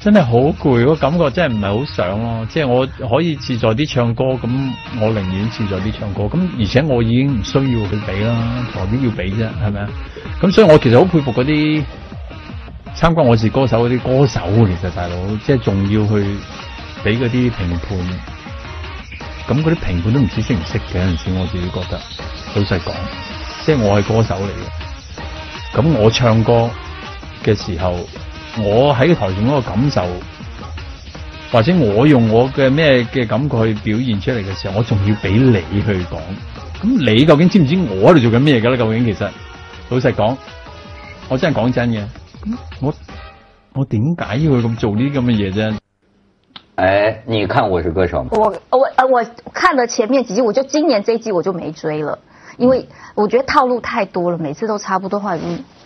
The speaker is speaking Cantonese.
真係好攰，個感覺真係唔係好想咯。即係我可以自在啲唱歌，咁我寧願自在啲唱歌。咁而且我已經唔需要去比啦，何必要比啫？係咪啊？咁所以我其實好佩服嗰啲參加我是歌手嗰啲歌手。其實大佬即係仲要去俾嗰啲評判，咁嗰啲評判都唔知識唔識嘅。有陣時候我自己覺得，老實講，即係我係歌手嚟嘅，咁我唱歌嘅時候，我喺台前嗰個感受，或者我用我嘅咩嘅感覺去表現出嚟嘅時候，我仲要俾你去講。咁你究竟知唔知我喺度做緊咩嘅咧？究竟其實老實講，我真係講真嘅。我我點解要咁做呢？咁嘅嘢啫？哎，你看我是歌手嗎？我我我看了前面幾集，我就今年這一季我就沒追了，因為我覺得套路太多了，每次都差不多，話、嗯。